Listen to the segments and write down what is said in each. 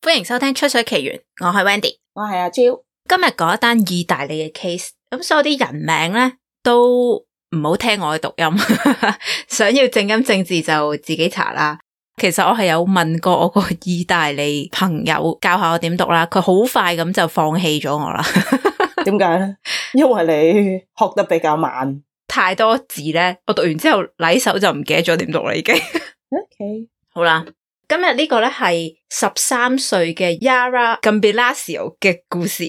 歡迎收聽《吹水奇緣》，我係 Wendy，我係阿 Jo。今日講一單意大利嘅 case，咁所有啲人名呢都唔好聽我嘅讀音， 想要正音正字就自己查啦。其實我係有問過我個意大利朋友教下我點讀啦，佢好快咁就放棄咗我啦。 點解咧？因為你學得比較慢， 太多字咧，我讀完之後，禮手就唔記得咗點讀啦，已經。 OK，好啦，今日呢個咧係十三歲嘅 Yara Gambirasio 嘅故事。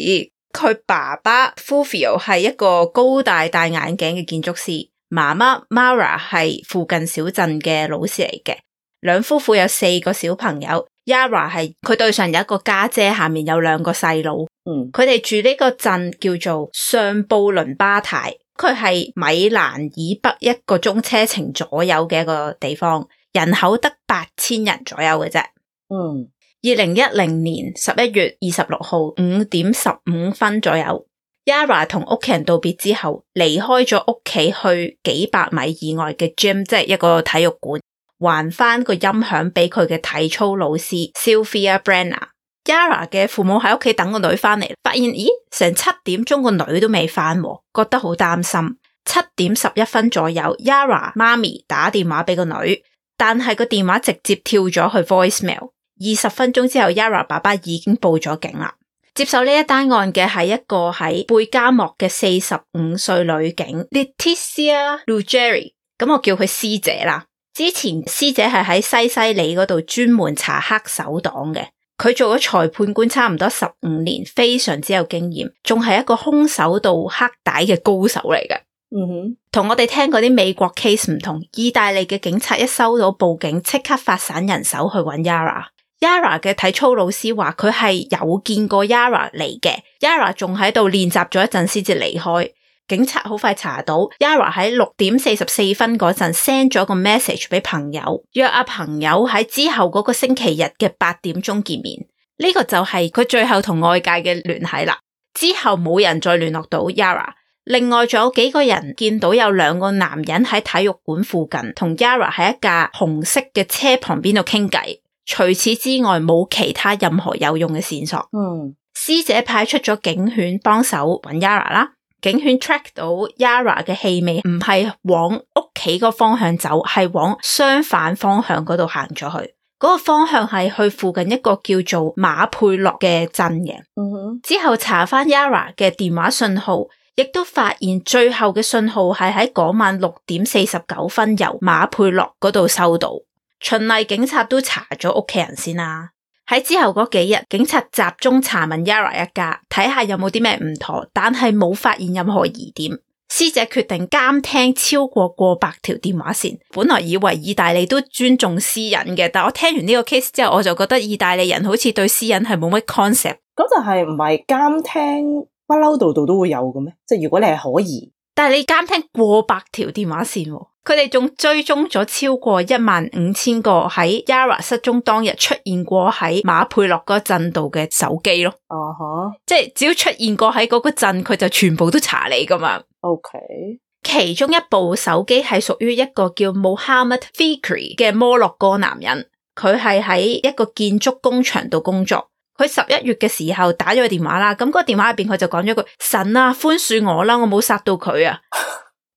佢爸爸 Fufio 係一個高大戴眼鏡嘅建築師，媽媽 Mara 係附近小鎮嘅老師嚟嘅。兩夫婦有四個小朋友。Yara 係佢對上有一個家姐，下面有兩個細佬。嗯，佢哋住呢個鎮叫做上布倫巴太，佢係米蘭以北一個鐘車程左右嘅一個地方，人口得八千人左右嘅啫。嗯，二零一零年十一月二十六號五點十五分左右，Yara 同屋企人道別之後，離開咗屋企去幾百米以外嘅 gym，即係一個體育館。還返個音響俾佢嘅體操老師 Sophia Brenner。Yara 嘅父母喺屋企等個女返嚟，發現咦成七點鐘個女都未返喎，覺得好擔心。七點十一分左右，Yara 媽咪打電話俾個女，但係個電話直接跳咗去 voicemail。二十分鐘之後，Yara 爸爸已經報咗警啦。接受呢一單案嘅係一個喺貝加莫嘅四十五歲女警 Leticia Luigieri。咁我叫佢師姐啦。之前師姐係喺西西里嗰度專門查黑手黨嘅，佢做咗裁判官差唔多十五年，非常之有經驗，仲係一個空手道黑帶嘅高手嚟嘅。嗯哼，同我哋聽嗰啲美國 case 唔同，意大利嘅警察一收到報警，即刻發散人手去搵 Yara。Yara 嘅體操老師話佢係有見過 Yara 嚟嘅，Yara 仲喺度練習咗一陣先至離開。警察好快查到 Yara 喺六點四十四分嗰陣 send 咗個 message 俾朋友，約阿朋友喺之後嗰個星期日嘅八點鐘見面。呢個就係佢最後同外界嘅聯繫啦。之後冇人再聯絡到 Yara。另外仲有幾個人見到有兩個男人喺體育館附近同 Yara 喺一架紅色嘅車旁邊度傾偈。除此之外，冇其他任何有用嘅線索。嗯，師姐派出咗警犬幫手搵 Yara 啦。警犬 track 到 Yara 嘅氣味，唔係往屋企個方向走，係往相反方向嗰度行咗去。嗰、嗰個方向係去附近一個叫做馬佩洛嘅鎮嘅。Uh -huh. 之後查翻 Yara 嘅電話信號，亦都發現最後嘅信號係喺嗰晚六點四十九分由馬佩洛嗰度收到。循例警察都查咗屋企人先啦。喺之後嗰幾日，警察集中查問 Yara 一家，睇下有冇啲咩唔妥，但係冇發現任何疑點。師姐決定監聽超過過百條電話線。本來以為意大利都尊重私隱嘅，但我聽完呢個 case 之後，我就覺得意大利人好似對私隱係冇乜 concept。咁就係唔係監聽不嬲度度都會有嘅咩？即係如果你係可疑。但係你監聽過百條電話線。啊，佢哋仲追蹤咗超過一萬五千個喺 Yara 失蹤當日出現過喺馬佩洛嗰鎮度嘅手機咯。哦、uh -huh.，即係只要出現過喺嗰個鎮，佢就全部都查你噶嘛。OK，其中一部手機係屬於一個叫 Mohammed Fikri 嘅摩洛哥男人，佢係喺一個建築工場度工作。佢十一月嘅時候打咗個電話啦，咁、啊啊、 個電話入邊佢就講咗句神啊，寬恕我啦，我冇殺到佢啊。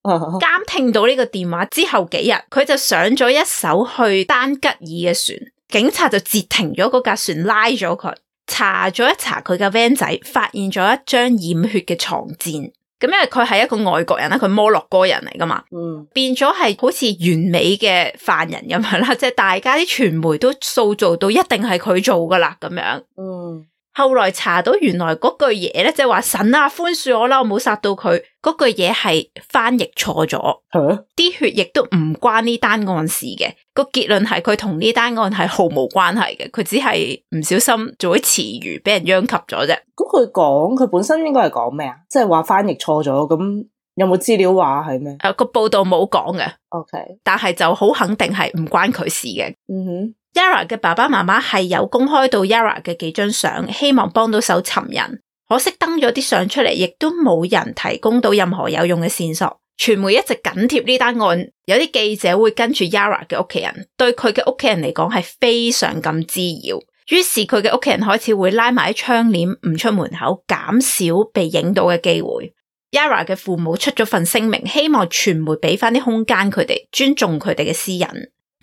監聽到呢個電話之後幾日，佢就上咗一艘去丹吉爾嘅船，警察就截停咗嗰架船，拉咗佢，查咗一查佢嘅 van 仔，發現咗一張染血嘅床墊。咁因為佢係一個外國人啦，佢摩洛哥人嚟噶嘛，嗯、變咗係好似完美嘅犯人咁樣啦，即係大家啲傳媒都塑造到一定係佢做噶啦咁樣。嗯後來查到原來嗰句嘢咧，即係話神啊，寬恕我啦，我冇殺到佢。嗰句嘢係翻譯錯咗，吓啲血液都唔關呢單案事嘅。個結論係佢同呢單案係毫無關係嘅。佢只係唔小心做啲詞語俾人殃及咗啫。咁佢講佢本身應該係講咩啊？即係話翻譯錯咗。咁有冇資料話係咩？誒，個報道冇講嘅。OK，但係就好肯定係唔關佢事嘅。嗯哼。Yara 嘅爸爸媽媽係有公開到 Yara 嘅幾張相，希望幫到手尋人。可惜登咗啲相出嚟，亦都冇人提供到任何有用嘅線索。傳媒一直緊貼呢單案，有啲記者會跟住 Yara 嘅屋企人。對佢嘅屋企人嚟講，係非常咁滋擾。於是佢嘅屋企人開始會拉埋啲窗簾，唔出門口，減少被影到嘅機會。Yara 嘅父母出咗份聲明，希望傳媒畀返啲空間佢哋，尊重佢哋嘅私隱。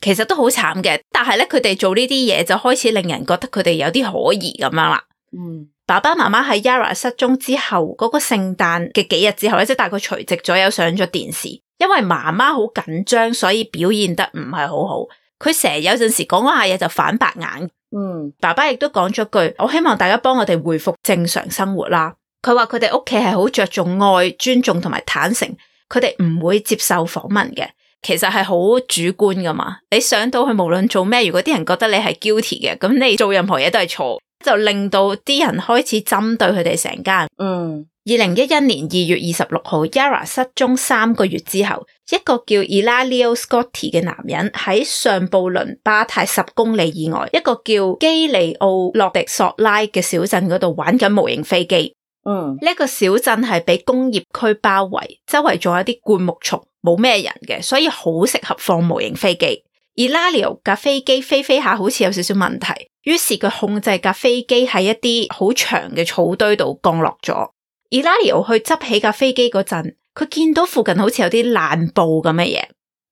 其實都好慘嘅，但係咧，佢哋做呢啲嘢，就開始令人覺得佢哋有啲可疑咁樣啦。嗯，爸爸媽媽喺 Yara 失蹤之後嗰個聖誕嘅幾日之後咧，即係大概除夕左右上咗電視，因為媽媽好緊張，所以表現得唔係好好。佢成日有陣時講嗰下嘢就反白眼。嗯，爸爸亦都講咗句：我希望大家幫我哋回復正常生活啦。佢話佢哋屋企係好着重愛、尊重同埋坦誠，佢哋唔會接受訪問嘅。其實係好主觀噶嘛，你想到佢無論做咩，如果啲人覺得你係 guilty 嘅，咁你做任何嘢都係錯，就令到啲人開始針對佢哋成間。嗯、mm.。二零一一年二月二十六號，Yara 失蹤三個月之後，一個叫 Ilario Scotti 嘅男人喺上布倫巴泰十公里以外一個叫基利奧諾迪索拉嘅小鎮嗰度玩緊模型飛機。嗯。呢個小鎮係被工業區包圍，周圍仲有啲灌木叢。冇咩人嘅，所以好適合放模型飛機。而 Lario 架飛機飛飛下，好似有少少問題，於是佢控制架飛機喺一啲好長嘅草堆度降落咗。而 Lario 去執起架飛機嗰陣，佢見到附近好似有啲爛布咁嘅嘢，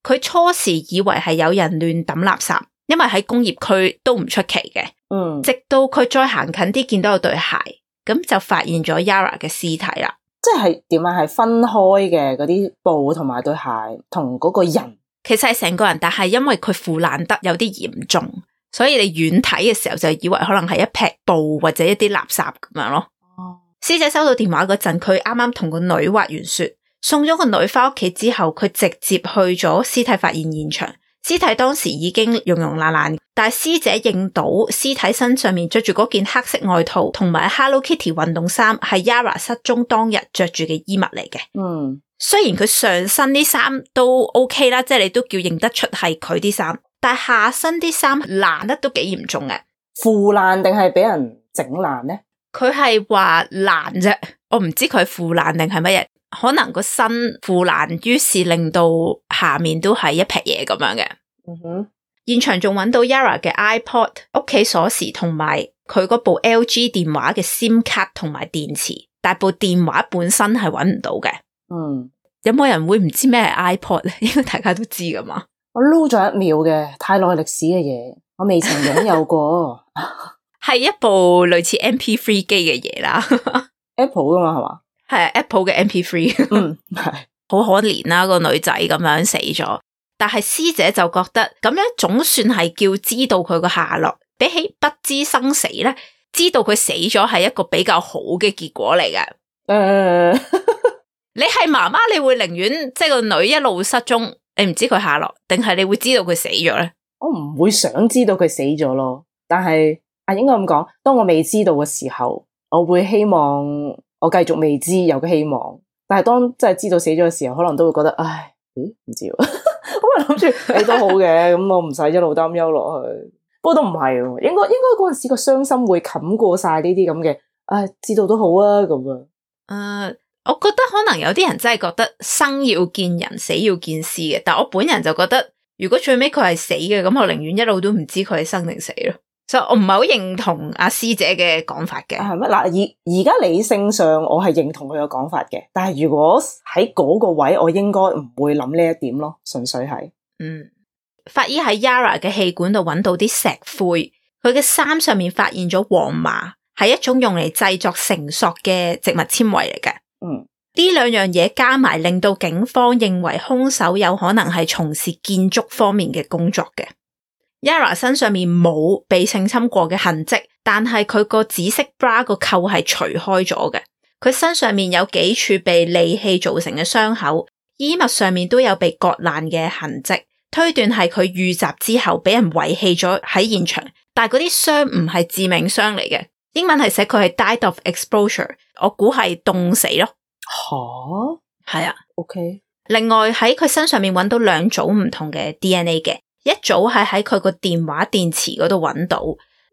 佢初時以為係有人亂抌垃圾，因為喺工業區都唔出奇嘅。嗯，直到佢再行近啲，見到有對鞋，咁就發現咗 Yara 嘅屍體啦。即係點啊？係分開嘅嗰啲布同埋對鞋，同嗰個人，其實係成個人，但係因為佢腐爛得有啲嚴重，所以你遠睇嘅時候就以為可能係一劈布或者一啲垃圾咁樣咯。嗯。師姐收到電話嗰陣，佢啱啱同個女滑完雪，送咗個女返屋企之後，佢直接去咗屍體發現現場。屍體當時已經溶溶爛爛，但係師姐認到屍體身上面着住嗰件黑色外套同埋 Hello Kitty 運動衫係 Yara 失蹤當日着住嘅衣物嚟嘅。嗯，雖然佢上身啲衫都 OK 啦，即係你都叫認得出係佢啲衫，但係下身啲衫爛得都幾嚴重嘅，腐爛定係俾人整爛咧？佢係話爛啫，我唔知佢腐爛定係乜嘢。可能個身腐爛，於是令到下面都係一劈嘢咁樣嘅，嗯。現場仲揾到 Yara 嘅 iPod、屋企鎖匙同埋佢嗰部 LG 電話嘅 SIM 卡同埋電池，但部電話本身係揾唔到嘅。嗯，有冇人會唔知咩係 iPod 咧？因為大家都知噶嘛。我撈咗一秒嘅，太耐歷史嘅嘢，我未曾擁有過，係 一部類似 MP3 機嘅嘢啦 ，Apple 噶嘛係嘛？係 Apple 嘅 MP3，嗯係好 可憐啦、啊嗰個女仔咁樣死咗，但係師姐就覺得咁樣總算係叫知道佢個下落，比起不知生死咧，知道佢死咗係一個比較好嘅結果嚟嘅。誒、呃， 你係媽媽，你會寧願即係個女一路失蹤，你唔知佢下落，定係你會知道佢死咗咧？我唔會想知道佢死咗咯，但係阿，我應該咁講，當我未知道嘅時候，我會希望。我繼續未知有個希望，但係當真係知道死咗嘅時候，可能都會覺得，唉，咦，唔知喎，我， 我咪諗住，死，哎，都好嘅，咁 我唔使一路擔憂落去。不過都唔係，應該應該嗰陣時個傷心會冚過晒呢啲咁嘅，唉，知道都好啊，咁樣，誒、uh，我覺得可能有啲人真係覺得生要見人，死要見屍嘅，但我本人就覺得，如果最尾佢係死嘅，咁我寧願一路都唔知佢係生定死咯。所以我唔係好認同阿師姐嘅講法嘅、嗯。係、嗯、咩？嗱，而而家理性上我係認同佢嘅講法嘅。但係如果喺嗰個位，我應該唔會諗呢一點咯。純粹係。嗯。法醫喺 Yara 嘅氣管度揾到啲石灰，佢嘅衫上面發現咗黃麻，係一種用嚟製作繩索嘅植物纖維嚟嘅。嗯。呢兩樣嘢加埋，令到警方認為兇手有可能係從事建築方面嘅工作嘅。Yara 身上面冇被性侵過嘅痕跡，但係佢個紫色 bra 個扣係除開咗嘅。佢身上面有幾處被利器造成嘅傷口，衣物上面都有被割爛嘅痕跡，推斷係佢遇襲之後被人遺棄咗喺現場。但係嗰啲傷唔係致命傷嚟嘅，英文係寫佢係 died of exposure，我估係凍死咯。吓，係啊，OK。另外喺佢身上面揾到兩組唔同嘅 DNA 嘅。一組係喺佢個電話電池嗰度揾到，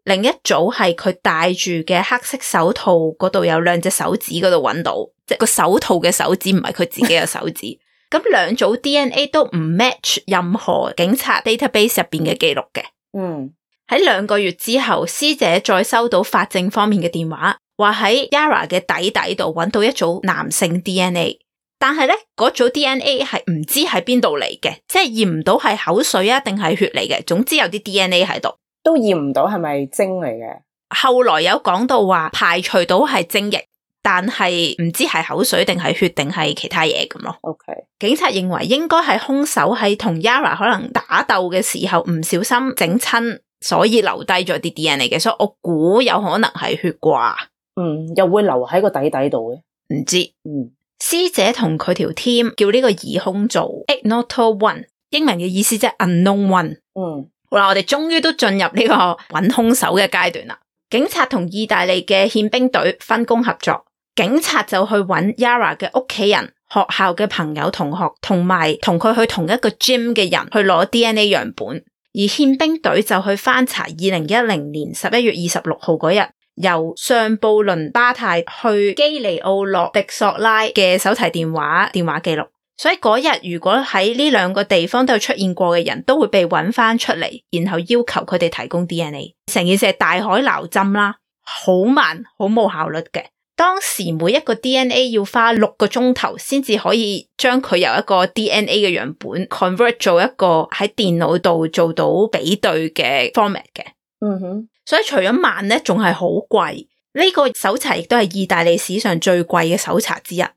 另一組係佢戴住嘅黑色手套嗰度有兩隻手指嗰度揾到，即係個手套嘅手指唔係佢自己嘅手指。咁 兩組 DNA 都唔 match 任何警察 database 入邊嘅記錄嘅。嗯，喺兩個月之後，師姐再收到法證方面嘅電話，話喺 Yara 嘅底底度揾到一組男性 DNA。但係咧，嗰組 DNA 係唔知喺邊度嚟嘅，即係驗唔到係口水啊，定係血嚟嘅。總之有啲 DNA 喺度，都驗唔到係咪精嚟嘅。後來有講到話排除到係精液，但係唔知係口水定係血定係其他嘢，咁咯。Okay，警察認為應該係兇手喺同 Yara 可能打鬥嘅時候唔小心整親，所以留低咗啲 DNA 嘅。所以我估有可能係血啩。嗯，又會留喺個底底度嘅，唔知嗯。師姐同佢條 team 叫呢個疑兇做 Ignoto 1，英文嘅意思即係 unknown one。嗯，好啦，我哋終於都進入呢個揾兇手嘅階段啦。警察同意大利嘅憲兵隊分工合作，警察就去揾 Yara 嘅屋企人、學校嘅朋友同學，同埋同佢去同一個 gym 嘅人去攞 DNA 樣本，而憲兵隊就去翻查二零一零年十一月二十六號嗰日。由上布倫巴泰去基尼奧洛迪索拉嘅手提電話電話記錄，所以嗰日如果喺呢兩個地方都有出現過嘅人都會被揾翻出嚟，然後要求佢哋提供 DNA，成件事係大海撈針啦，好慢，好冇效率嘅。當時每一個 DNA 要花六個鐘頭先至可以將佢由一個 DNA 嘅樣本 convert 做一個喺電腦度做到比對嘅 format 嘅。嗯哼。所以除咗慢咧，仲係好貴。呢個搜查亦都係意大利史上最貴嘅搜查之一。嗰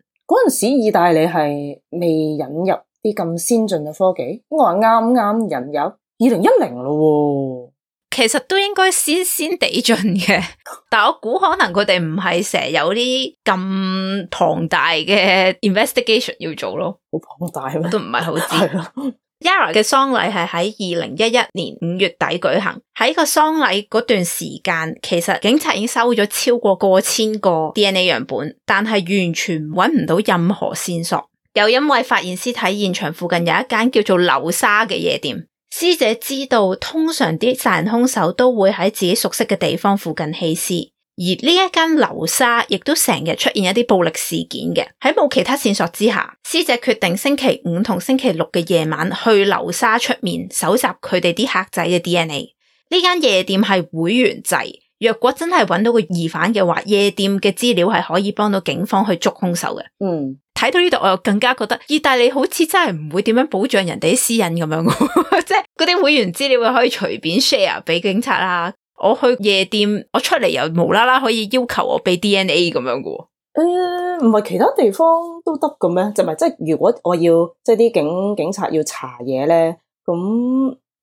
陣時意大利係未引入啲咁先進嘅科技，我話啱啱引入二零一零咯。其實都應該先先地進嘅，但我估可能佢哋唔係成日有啲咁龐大嘅 investigation 要做咯。好龐大咩？都唔係好知。 Yara 嘅喪禮係喺二零一一年五月底舉行。喺個喪禮嗰段時間，其實警察已經收咗超過過千個 DNA 樣本，但係完全搵唔到任何線索。又因為發現屍體現場附近有一間叫做流沙嘅夜店，死者知道通常啲殺人兇手都會喺自己熟悉嘅地方附近棄屍。而呢一間流沙亦都成日出現一啲暴力事件嘅。喺冇其他線索之下，師姐決定星期五同星期六嘅夜晚去流沙出面搜集佢哋啲客仔嘅 DNA。呢間夜店係會員制，若果真係揾到個疑犯嘅話，夜店嘅資料係可以幫到警方去捉兇手嘅。嗯，睇到呢度我又更加覺得意大利好似真係唔會點樣保障人哋私隱咁樣，即係嗰啲會員資料可以隨便 share 俾警察啦。我去夜店，我出嚟又無啦啦可以要求我俾 DNA 咁樣嘅？誒，唔係其他地方都得嘅咩？就咪即係如果我要即係啲警警察要查嘢咧，咁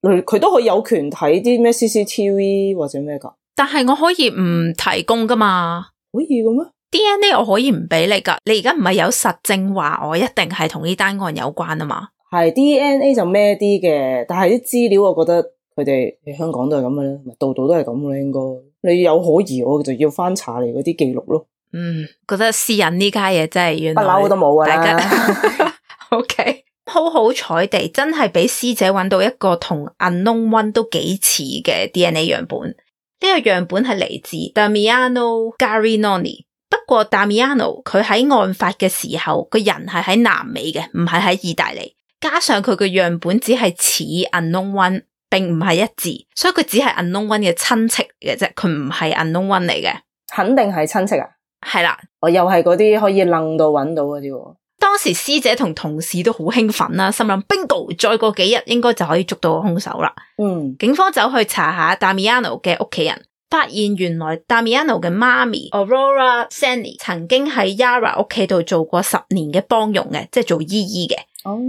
佢佢都可以有權睇啲咩 CCTV 或者咩噶？但係我可以唔提供噶嘛？可以嘅咩？DNA 我可以唔俾你噶，你而家唔係有實證話我一定係同呢單案有關啊嘛？係 DNA 就咩啲嘅，但係啲資料我覺得。佢哋喺香港都係咁嘅，咪度度都係咁嘅。應該你有可疑，我就要翻查你嗰啲記錄咯。嗯，覺得私隱呢家嘢真係，不嬲都冇啊大家 O、okay、K，好好彩地，真係俾師姐揾到一個同 Unknown One 都幾似嘅 DNA 樣本。呢、這個樣本係嚟自 Damiano Garinoni，不過 Damiano 佢喺案發嘅時候個人係喺南美嘅，唔係喺意大利。加上佢個樣本只係似 Unknown One。並唔係一致，所以佢只係 Unknown One 嘅親戚嘅啫，佢唔係 Unknown One 嚟嘅，肯定係親戚啊，係啦，我又係嗰啲可以愣到搵到嗰啲。當時師姐同同事都好興奮啦，心諗 bingo，再過幾日應該就可以捉到兇手啦。嗯，警方走去查下 Damiano 嘅屋企人，發現原來 Damiano 嘅媽咪 Aurora Sanny 曾經喺 Yara 屋企度做過十年嘅幫傭嘅，即係做姨姨嘅。哦、oh，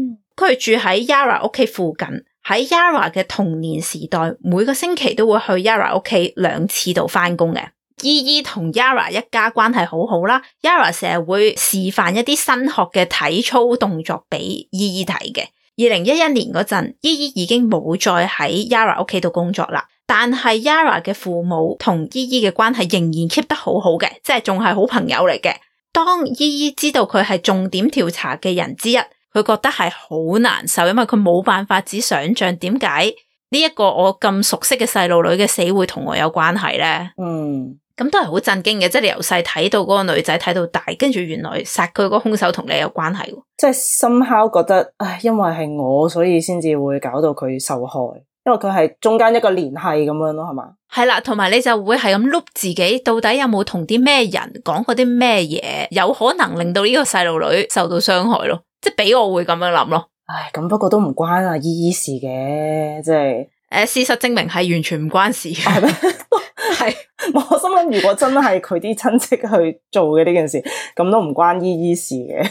佢住喺 Yara 屋企附近。喺 Yara 嘅童年時代，每個星期都會去 Yara 屋企兩次度翻工嘅。姨姨同 Yara 一家關係好好啦，Yara 成日會示範一啲新學嘅體操動作俾姨姨睇嘅。二零一一年嗰陣，姨姨已經冇再喺 Yara 屋企度工作啦，但係 Yara 嘅父母同姨姨嘅關係仍然 keep 得好好嘅，即係仲係好朋友嚟嘅。當姨姨知道佢係重點調查嘅人之一。佢覺得係好難受，因為佢冇辦法只想象，點解呢一個我咁熟悉嘅細路女嘅死會同我有關係呢？嗯，咁都係好震驚嘅，即係你由細睇到嗰個女仔睇到大，跟住原來殺佢嗰個兇手同你有關係喎。即係 somehow 覺得，唉，因為係我，所以先至會搞到佢受害，因為佢係中間一個聯繫咁樣咯，係嘛？係啦，同埋你就會係咁 look 自己，到底有冇同啲咩人講過啲咩嘢，有可能令到呢個細路女受到傷害咯。即俾我會咁樣諗咯，唉，咁不過都唔關阿依依事嘅，即係，誒、呃，事實證明係完全唔關事嘅，係 ，我心諗如果真係佢啲親戚去做嘅呢件事，咁都唔關依依事嘅。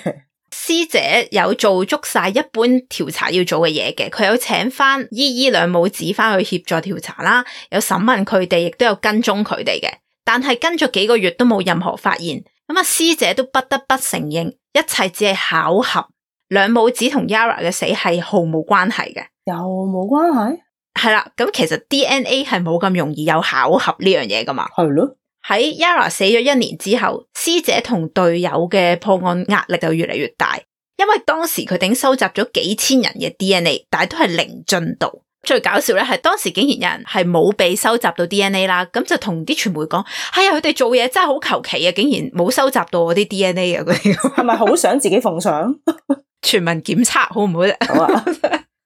師姐有做足晒一般調查要做嘅嘢嘅，佢有請翻依依兩母子翻去協助調查啦，有審問佢哋，亦都有跟蹤佢哋嘅，但係跟咗幾個月都冇任何發現，咁啊師姐都不得不承認，一切只係巧合。兩母子同 Yara 嘅死係毫無關係嘅，又冇關係？係啦，咁其實 DNA 係冇咁容易有巧合呢樣嘢噶嘛？係咯。喺 Yara 死咗一年之後，師姐同隊友嘅破案壓力就越嚟越大，因為當時佢哋收集咗幾千人嘅 DNA，但係都係零進度。最搞笑咧，係當時竟然有人係冇俾收集到 DNA 啦，咁就同啲傳媒講，哎呀，佢哋做嘢真係好求其啊，竟然冇收集到我啲 DNA 啊！嗰啲係咪好想自己奉上？ 全民檢測好唔好咧？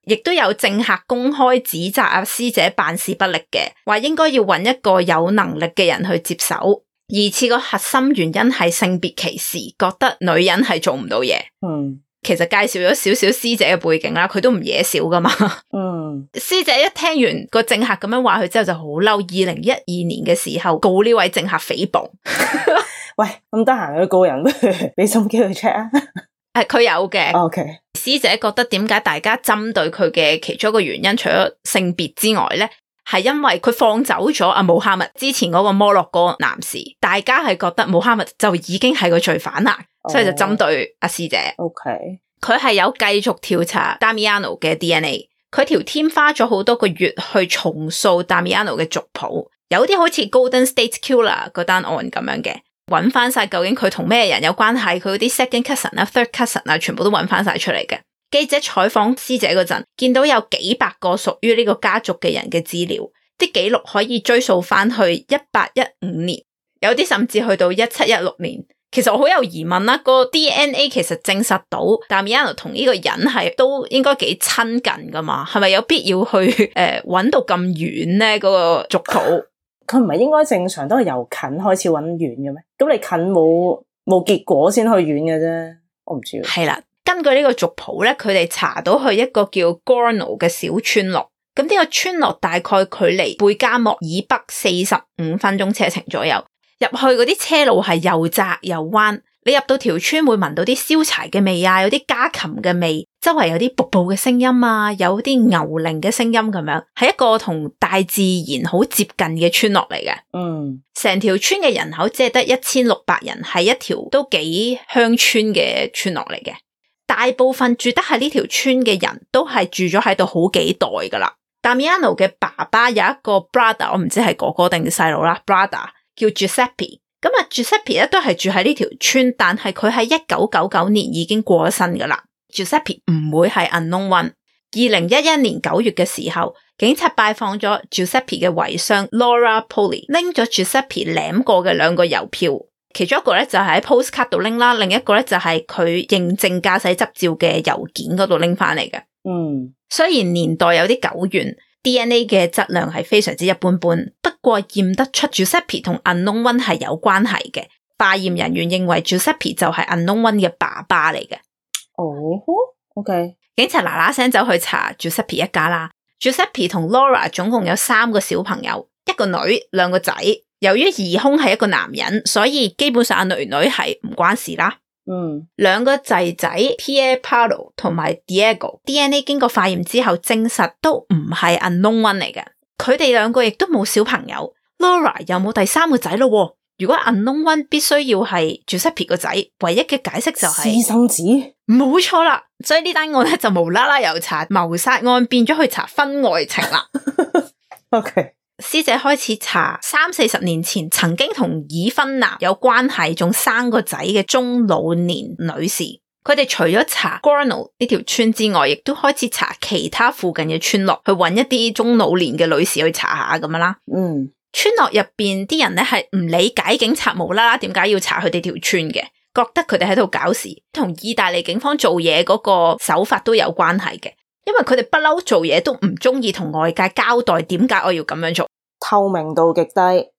亦、啊、 都有政客公開指責阿師姐辦事不力嘅，話應該要揾一個有能力嘅人去接手。而次個核心原因係性別歧視，覺得女人係做唔到嘢。嗯，其實介紹咗少少師姐嘅背景啦，佢都唔惹少噶嘛。嗯，師姐一聽完、個政客咁樣話佢之後就好嬲。二零一二年嘅時候告呢位政客誹謗。 喂，咁得閒去告人，俾心機去 check 啊！係、啊、佢有嘅。Okay. 師姐覺得點解大家針對佢嘅其中一個原因，除咗性別之外咧，係因為佢放走咗阿姆哈密之前嗰個摩洛哥男士，大家係覺得姆哈密就已經係個罪犯啦，所以就針對阿師姐。OK，佢、okay. 係有繼續調查 Damiano 嘅 DNA，佢條天花咗好多個月去重塑 Damiano 嘅族譜，有啲好似 Golden State Killer 嗰單案咁樣嘅。揾翻晒究竟佢同咩人有關係，佢嗰啲 second cousin 啊、third cousin 啊，全部都揾翻晒出嚟嘅。記者採訪死者嗰陣，見到有幾百個屬於呢個家族嘅人嘅資料，啲記錄可以追溯翻去一八一五年，有啲甚至去到一七一六年。其實我好有疑問啦，個 DNA 其實證實到，但係米亞諾同呢個人係都應該幾親近噶嘛，係咪有必要去誒揾、呃、到咁遠呢嗰、嗰個族譜？佢唔係應該正常都係由近開始揾遠嘅咩？咁你近冇冇結果先去遠嘅啫，我唔知。係啦，根據呢個族譜咧，佢哋查到去一個叫 Gorno 嘅小村落。咁呢個村落大概距離貝加莫以北四十五分鐘車程左右。入去嗰啲車路係又窄又彎。你入到條村會聞到啲燒柴嘅味啊，有啲家禽嘅味，周圍有啲瀑布嘅聲音啊，有啲牛鈴嘅聲音咁樣，係一個同大自然好接近嘅村落嚟嘅。嗯，成條村嘅人口只係得一千六百人，係一條都幾鄉村嘅村落嚟嘅。大部分住得喺呢條村嘅人都係住咗喺度好幾代噶啦。但 Miano 嘅爸爸有一個 brother，我唔知係哥哥定係細佬啦，brother 叫 Giuseppe。咁啊，Giuseppe 咧都係住喺呢條村，但係佢喺一九九九年已經過咗身噶啦。Giuseppe 唔會係 unknown one。one 二零一一年九月嘅時候，警察拜訪咗 Giuseppe 嘅遺孀 Laura Poli，拎咗 Giuseppe 舔過嘅兩個郵票，其中一個咧就係、是、喺 postcard 度拎啦，另一個咧就係、是、佢認證駕駛執照嘅郵件嗰度拎翻嚟嘅。嗯，雖然年代有啲久遠。DNA 嘅質量係非常之一般般，不過驗得出 Giuseppe 同 Unknown 1係有關係嘅。化驗人員認為 Giuseppe 就係 Unknown 1嘅爸爸嚟嘅。哦、oh,，OK，警察嗱嗱聲走去查 Giuseppe 一家啦。Giuseppe 同 Laura 總共有三個小朋友，一個女，兩個仔。由於疑兇係一個男人，所以基本上女女係唔關事啦。嗯，兩個仔仔 Pier Paolo 同埋 Diego，DNA 經過化驗之後證實都唔係 Unknown one 嚟嘅。佢哋兩個亦都冇小朋友，Laura 又冇第三個仔咯、哦。如果 Unknown one 必須要係 Joseph 個仔，唯一嘅解釋就係、是、私生子，冇錯啦。所以呢單案咧就無啦啦又查謀殺案變咗去查婚外情啦。 OK。師姐開始查三四十年前曾經同已婚男有關係仲生個仔嘅中老年女士，佢哋除咗查 Gorno 呢條村之外，亦都開始查其他附近嘅村落去揾一啲中老年嘅女士去查下咁樣啦。嗯，村落入邊啲人咧係唔理解警察無啦啦點解要查佢哋條村嘅，覺得佢哋喺度搞事，同意大利警方做嘢嗰個手法都有關係嘅。因為佢哋不嬲做嘢都唔中意同外界交代點解我要咁樣做，透明度極低。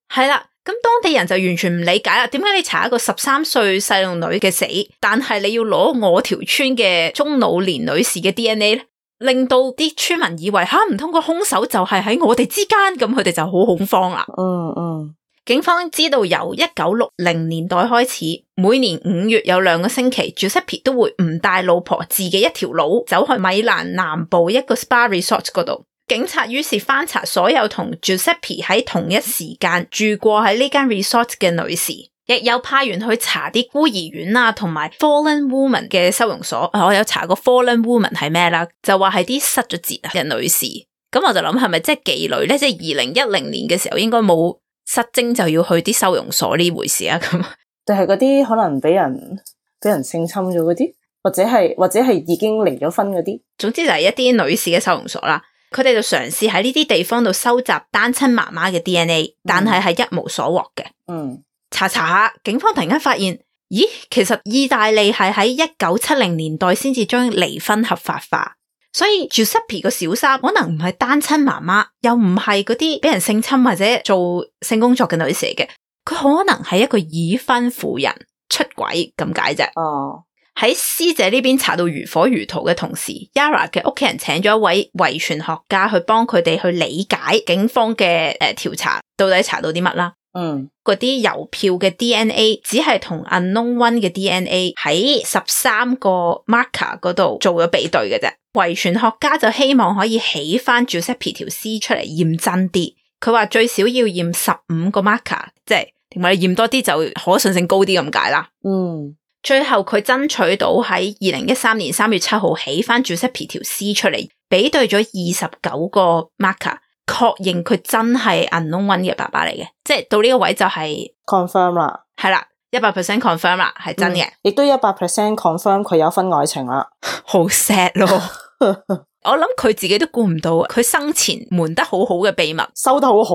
係啦，咁當地人就完全唔理解啦。點解你查一個十三歲細路女嘅死，但係你要攞我條村嘅中老年女士嘅 DNA 咧？令到啲村民以為吓，唔通個兇手就係喺我哋之間，咁佢哋就好恐慌啦。嗯嗯。警方知道由一九六零年代開始，每年五月有兩個星期 Giuseppe 都會唔帶老婆，自己一條路走去米蘭南部一個 spa resort 嗰度。警察於是翻查所有同 Giuseppe 喺同一時間住過喺呢間 resort 嘅女士，亦有派員去查啲孤兒院啊，同埋 fallen woman 嘅收容所。啊，我有查過 fallen woman 係咩啦，就話係啲失咗節嘅女士。咁我就諗係咪即係妓女咧？即係二零一零年嘅時候應該冇。失蹤就要去啲收容所呢回事啊？咁定係嗰啲可能俾人俾人性侵咗嗰啲，或者係或者係已經離咗婚嗰啲。總之就係一啲女士嘅收容所啦。佢哋就嘗試喺呢啲地方度收集單親媽媽嘅 DNA，嗯，但係係一無所獲嘅。嗯，查查下，警方突然間發現，咦，其實意大利係喺一九七零年代先至將離婚合法化。所以 Giuseppe 個小三可能唔係單親媽媽，又唔係嗰啲俾人性侵或者做性工作嘅女士嚟嘅，佢可能係一個已婚婦人出軌咁解啫。哦，喺師姐呢邊查到如火如荼嘅同時，Yara 嘅屋企人請咗一位遺傳學家去幫佢哋去理解警方嘅誒調查到底查到啲乜啦。嗯，嗰啲郵票嘅 DNA 只係同 Unknown One 嘅 DNA 喺十三個 marker 嗰度做咗比對嘅啫。遺傳學家就希望可以起翻 Giuseppe 條屍出嚟驗真啲，佢話最少要驗十五個 marker，即係埋你驗多啲就可信性高啲咁解啦。嗯，最後佢爭取到喺二零一三年三月七號起翻 Giuseppe 條屍出嚟，比對咗二十九個 marker。確認佢真係 Unknown One 嘅爸爸嚟嘅，即係到呢個位就係、是、confirm 啦，係啦，一百 percent confirm 啦，係真嘅，亦、嗯、都一百 percent confirm 佢有婚外情啦， 好 sad 悉咯， 我諗佢自己都估唔到，佢生前瞞得好好嘅秘密，收得好好，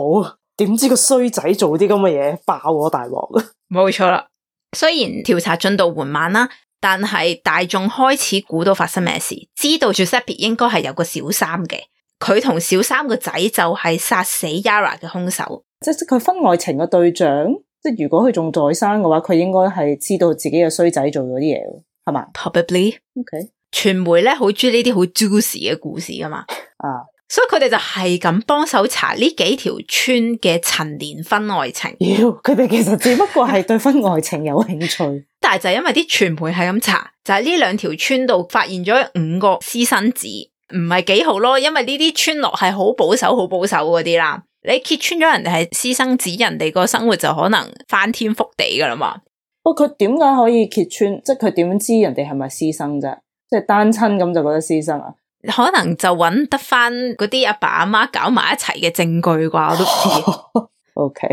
點知個衰仔做啲咁嘅嘢，爆我大鑊，冇 錯啦。雖然調查進度緩慢啦，但係大眾開始估到發生咩事，知道 Giuseppe 應該係有個小三嘅。佢同小三個仔就係殺死 Yara 嘅兇手，即係佢婚外情嘅對象。即係如果佢仲在生嘅話，佢應該係知道自己嘅衰仔做咗啲嘢，係嘛？Probably，OK。傳 Probably.、okay. 媒咧好中意呢啲好 juicy 嘅故事噶嘛？啊、ah.，所以佢哋就係咁幫手查呢幾條村嘅陳年婚外情。佢 哋其實只不過係對婚外情有興趣， 但係就係因為啲傳媒係咁查，就係呢兩條村度發現咗五個私生子。唔係幾好咯，因為呢啲村落係好保守、好保守嗰啲啦。你揭穿咗人哋係私生子，人哋個生活就可能翻天覆地噶啦嘛。不過佢點解可以揭穿？即係佢點樣知人哋係咪私生啫？即係單親咁就覺得私生啊？可能就揾得翻嗰啲阿爸阿媽搞埋一齊嘅證據啩？我都唔知。 OK，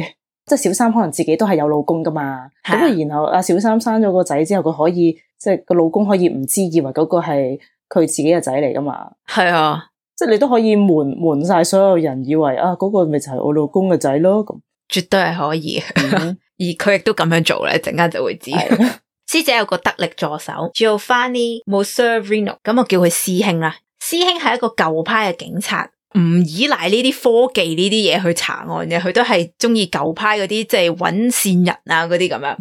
即係小三可能自己都係有老公噶嘛。咁啊，然後阿小三生咗個仔之後，佢可以即係個老公可以唔知，以為嗰個係。佢自己嘅仔嚟㗎嘛？係啊，即係你都可以瞞瞞晒所有人，以為啊嗰、那個咪就係我老公嘅仔咯咁，絕對係可以。Mm-hmm. 而佢亦都咁樣做咧，陣間就會知道、啊。師姐有個得力助手叫 Fanny Moservino，咁我叫佢師兄啦。師兄係一個舊派嘅警察，唔依賴呢啲科技呢啲嘢去查案嘅，佢都係中意舊派嗰啲，即係搵線人啊嗰啲咁樣。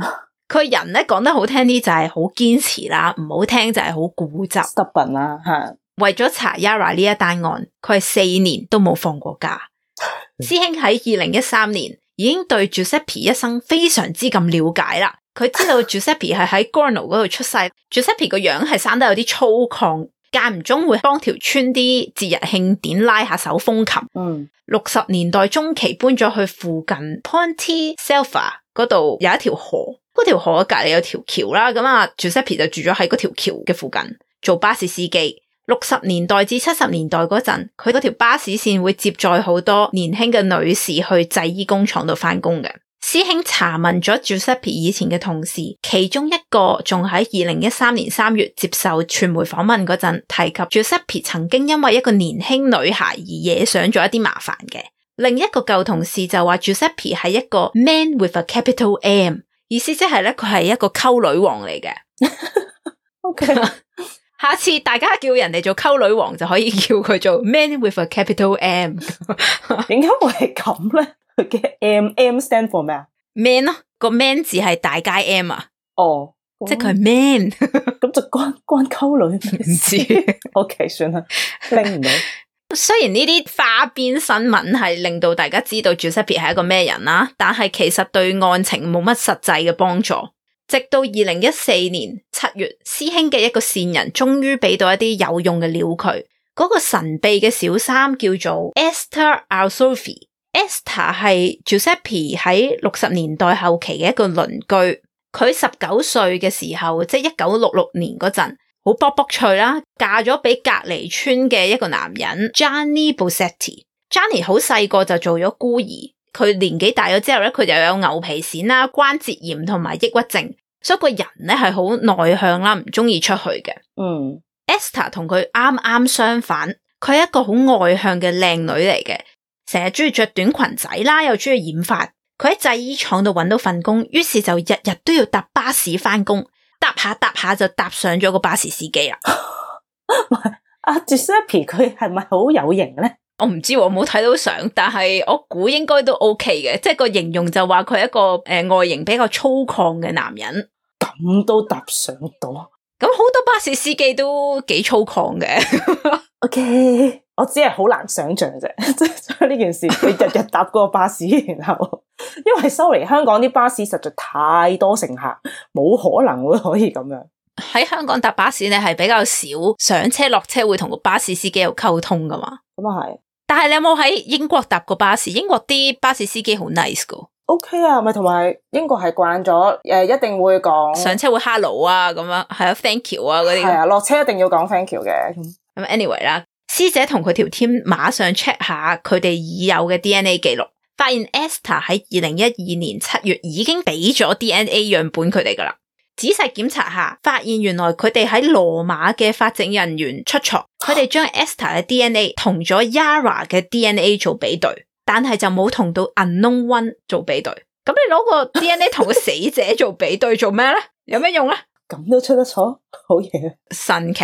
佢人咧講得好聽啲就係、是、好堅持啦，唔好聽就係好固執。stubborn 啦，吓。為咗查 Yara 呢一單案，佢係四年都冇放過假。 師兄喺二零一三年已經對 Giuseppe 一生非常之咁了解啦。佢知道 Giuseppe 係喺 Gorno 嗰度出世，Giuseppe 個樣係生得有啲粗獷，間唔中會幫條村啲節日慶典拉下手風琴。嗯。六十年代中期搬咗去附近 Ponte Selva 嗰度有一條河。嗰條河隔籬有條橋啦，咁啊，Giuseppe 就住咗喺嗰條橋嘅附近做巴士司機。六十年代至七十年代嗰陣，佢嗰條巴士線會接載好多年輕嘅女士去製衣工廠度返工嘅。師兄查問咗 Giuseppe 以前嘅同事，其中一個仲喺二零一三年三月接受傳媒訪問嗰陣提及 Giuseppe 曾經因為一個年輕女孩而惹上咗一啲麻煩嘅。另一個舊同事就話 Giuseppe 係一個 man with a capital M。意思即係咧，佢係一個溝女王嚟嘅。OK，下次大家叫人哋做溝女王就可以叫佢做 Man with a capital M。點解會係咁咧？佢嘅 M M stand for 咩啊？Man 咯，個 Man 字係大街 M 啊。哦，即係佢係 Man，咁就關關溝女事，唔知。OK，算啦，拎唔到。雖然呢啲花邊新聞係令到大家知道朱塞皮係一個咩人啦，但係其實對案情冇乜實際嘅幫助。直到二零一四年七月，師兄嘅一個線人終於俾到一啲有用嘅料佢。嗰、嗰個神秘嘅小三叫做 Esther Althoffi。Esther 係朱塞皮喺六十年代後期嘅一個鄰居。佢十九歲嘅時候，即係一九六六年嗰陣。好卜卜脆啦，嫁咗俾隔籬村嘅一個男人 Johnny Bossetti。Johnny 好細個就做咗孤兒，佢年紀大咗之後咧，佢又有牛皮癬啦、關節炎同埋抑鬱症，所以個人咧係好內向啦，唔中意出去嘅。嗯，Esther 同佢啱啱相反，佢係一個好外向嘅靚女嚟嘅，成日中意着短裙仔啦，又中意染髮。佢喺製衣廠度搵到份工，於是就日日都要搭巴士翻工。搭下搭下就搭上咗個巴士司機啊！阿 Giuseppe 佢係咪好有型咧？我唔知，我冇睇到相，但係我估應該都 OK 嘅，即係個形容就話佢係一個誒、呃、外形比較粗獷嘅男人，咁都搭上到，咁、嗯、好多巴士司機都幾粗獷嘅。 OK。我只係好難想象啫，即係呢件事，你日日搭嗰個巴士， 然後因為 sorry，香港啲巴士實在太多乘客，冇可能會可以咁樣。喺香港搭巴士你係比較少上車落車會同個巴士司機有溝通噶嘛？咁啊係。但係你有冇喺英國搭過巴士？英國啲巴士司機好 nice 噶。OK 啊，咪同埋英國係慣咗誒，一定會講上車會 hello 啊，咁樣係啊 thank you 啊嗰啲。係啊，落車一定要講 thank you 嘅咁。咁 anyway 啦。師姐同佢條 team 馬上 check 下佢哋已有嘅 DNA 記錄，發現 Esther 喺二零一二年七月已經俾咗 DNA 樣本佢哋噶啦。仔細檢查下，發現原來佢哋喺羅馬嘅法證人員出錯，佢哋將 Esther 嘅 DNA 同咗 Yara 嘅 DNA 做比對，但係就冇同到 unknown one 做比對。咁你攞個 DNA 同個死者做比對做咩咧？有咩用啊？咁都出得錯，好嘢，神奇。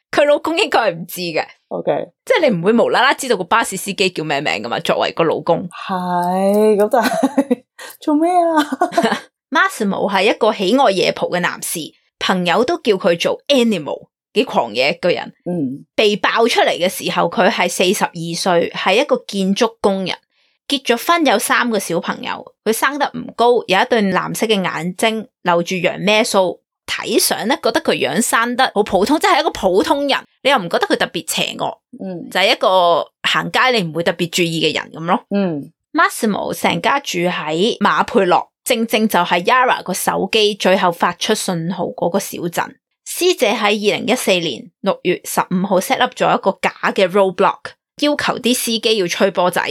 佢老公應該係唔知嘅，O K，即係你唔會無啦啦知道個巴士司機叫咩名噶嘛？作為個老公，係咁就係做咩啊？Massimo 係 一個喜愛夜蒲嘅男士，朋友都叫佢做 Animal，幾狂野一個人。嗯，被爆出嚟嘅時候，佢係四十二歲，係一個建築工人，結咗婚，有三個小朋友。佢生得唔高，有一對藍色嘅眼睛，留住羊咩須。睇相咧，覺得佢樣生得好普通，即係一個普通人，你又唔覺得佢特別邪惡？嗯，就係、是、一個行街你唔會特別注意嘅人咁咯。嗯，Massimo 成家住喺馬佩洛，正正就係 Yara 個手機最後發出信號嗰個小鎮。師姐喺二零一四年六月十五號 set up 咗一個假嘅 roadblock，要求啲司機要吹波仔。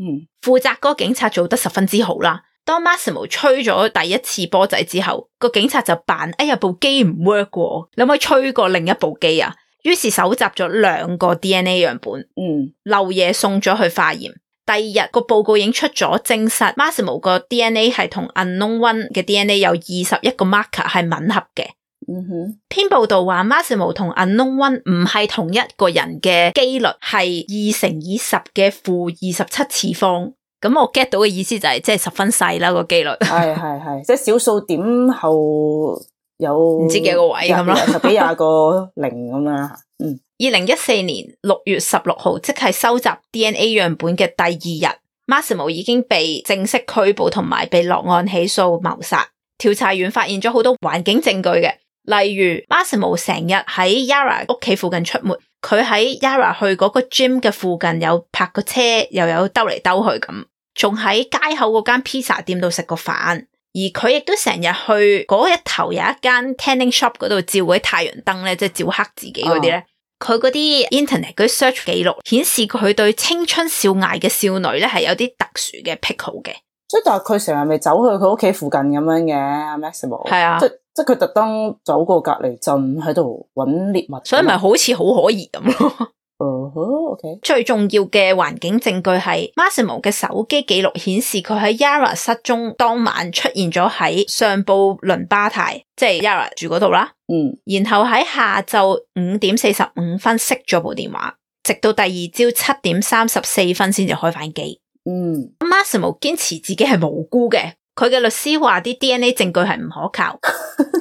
嗯，負責嗰個警察做得十分之好啦。當 Massimo 吹咗第一次波仔之後，個警察就扮，哎呀，部機唔 work 喎，你可吹過另一部機啊？於是搜集咗兩個 DNA 樣本，嗯，漏嘢送咗去化驗。第二日個報告已經出咗，證實 Massimo 個 DNA 係同 Unknown 1嘅 DNA 有二十一個 marker 係吻合嘅。嗯哼、嗯，篇報道話 Massimo 同 Unknown 1唔係同一個人嘅機率係二乘以十嘅負二十七次方。咁我 get 到嘅意思就係、是、即係十分細啦個幾率，係係係即係小數點後有唔知幾個位咁咯，十幾廿個零咁樣。嗯，二零一四年六月十六號，即係收集 DNA 樣本嘅第二日，Massimo 已經被正式拘捕同埋被落案起訴謀殺。調查員發現咗好多環境證據嘅，例如 Massimo 成日喺 Yara 屋企附近出沒。佢喺 Yara 去嗰個 gym 嘅附近有泊個車，又有兜嚟兜去咁，仲喺街口嗰間披薩店度食過飯。而佢亦都成日去嗰一頭有一間 tanning shop 嗰度照嗰啲太陽燈咧，即係照黑自己嗰啲咧。佢嗰啲 internet 啲 search 記錄顯示佢對青春少艾嘅少女咧係有啲特殊嘅癖好嘅、啊。即係但係佢成日咪走去佢屋企附近咁樣嘅 Massimo 係啊。即係佢特登走過隔籬鎮喺度揾獵物，所以咪好似好可疑咁咯。嗯，好。OK。最重要嘅環境證據係 Massimo 嘅手機記錄顯示，佢喺 Yara 失蹤當晚出現咗喺上布倫巴泰，即係 Yara 住嗰度啦。嗯。然後喺下晝五點四十五分熄咗部電話，直到第二朝七點三十四分先至開翻機。嗯。Massimo 堅持自己係無辜嘅。佢嘅律師話啲 DNA 證據係唔可靠，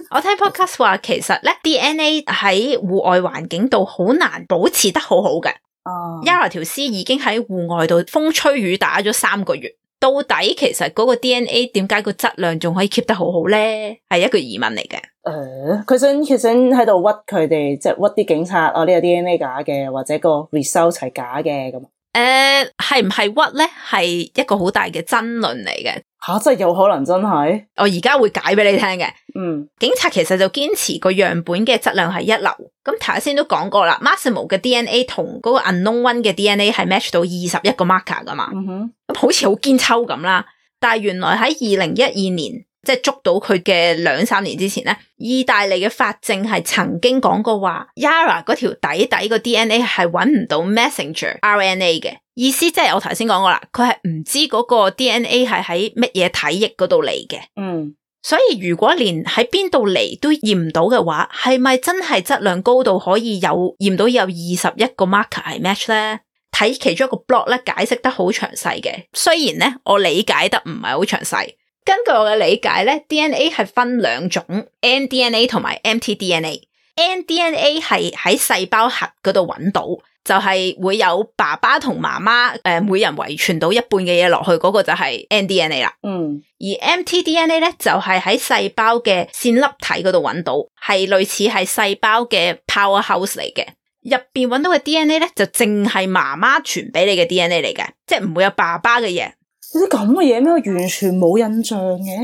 我聽 podcast 話其實咧 DNA 喺戶外環境度好難保持得好好嘅。Yara 條屍已經喺戶外度風吹雨打咗三個月，到底其實嗰個 DNA 點解個質量仲可以 keep 得好好咧？係一個疑問嚟嘅、嗯。誒，佢想佢想喺度屈佢哋，即係屈啲警察啊，呢、哦、個 DNA 假嘅，或者個 result 係假嘅咁。誒、uh,，係唔係屈咧？係一個好大嘅爭論嚟嘅。吓、啊，真係有可能真係。我而家會解俾你聽嘅。嗯，警察其實就堅持個樣本嘅質量係一流。咁頭先都講過啦，Massimo 嘅 DNA 同嗰個 Unknown 1嘅 DNA 係 match 到二十一個 marker 噶嘛。嗯、哼。咁好似好堅抽咁啦，但係原來喺二零一二年。即係捉到佢嘅兩三年之前咧，意大利嘅法證係曾經講過話，Yara 嗰條底底個 DNA 係搵唔到 Messenger RNA 嘅意思就是，即係我頭先講過啦，佢係唔知嗰個 DNA 係喺乜嘢體液嗰度嚟嘅。嗯，所以如果連喺邊度嚟都驗唔到嘅話，係咪真係質量高度可以有驗到有二十一個 marker 係 match 咧？睇其中一個 blog 咧解釋得好詳細嘅，雖然咧我理解得唔係好詳細。根據我嘅理解咧，DNA 係分兩種，nDNA 同埋 mtDNA。nDNA 係喺細胞核嗰度揾到，就係、是、會有爸爸同媽媽誒、呃，每人遺傳到一半嘅嘢落去，嗰、那個就係 nDNA 啦。嗯，而 mtDNA 咧就係、是、喺細胞嘅線粒體嗰度揾到，係類似係細胞嘅 powerhouse 嚟嘅，入邊揾到嘅 DNA 咧就淨係媽媽傳俾你嘅 DNA 嚟嘅，即係唔會有爸爸嘅嘢。有啲咁嘅嘢咩？完全冇印象嘅，